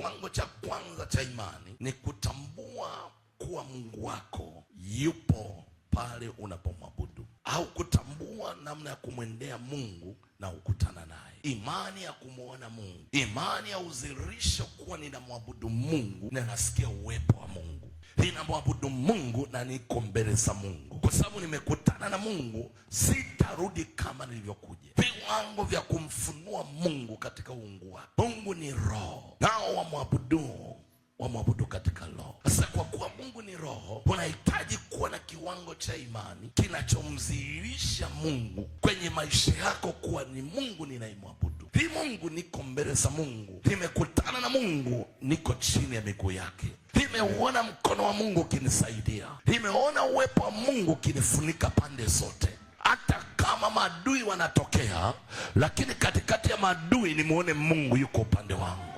Kiwango cha kwanza cha imani ni kutambua kuwa Mungu wako yupo pale unapomwabudu au kutambua namna ya kumwendea Mungu na ukutana naye. Imani ya kumwona Mungu, imani ya uzirisho kuwa ninamwabudu Mungu na nasikia uwepo wa Mungu, ninamwabudu Mungu na niko mbele za Mungu, kwa sababu nimekutana na Mungu si nitarudi kama nilivyokuja. Viwango vya kumfunua Mungu katika uungu wake. Mungu ni roho, nao wamwabudu wamwabudu katika roho. Sasa kwa kuwa Mungu ni roho, unahitaji kuwa na kiwango cha imani kinachomdhihirisha Mungu kwenye maisha yako, kuwa ni Mungu ninayemwabudu, ni Mungu, niko mbele za Mungu, nimekutana na Mungu, niko chini ya miguu yake, nimeuona mkono wa Mungu ukinisaidia, nimeona uwepo wa Mungu ukinifunika pande zote maadui wanatokea, lakini katikati ya maadui muone Mungu yuko upande wangu.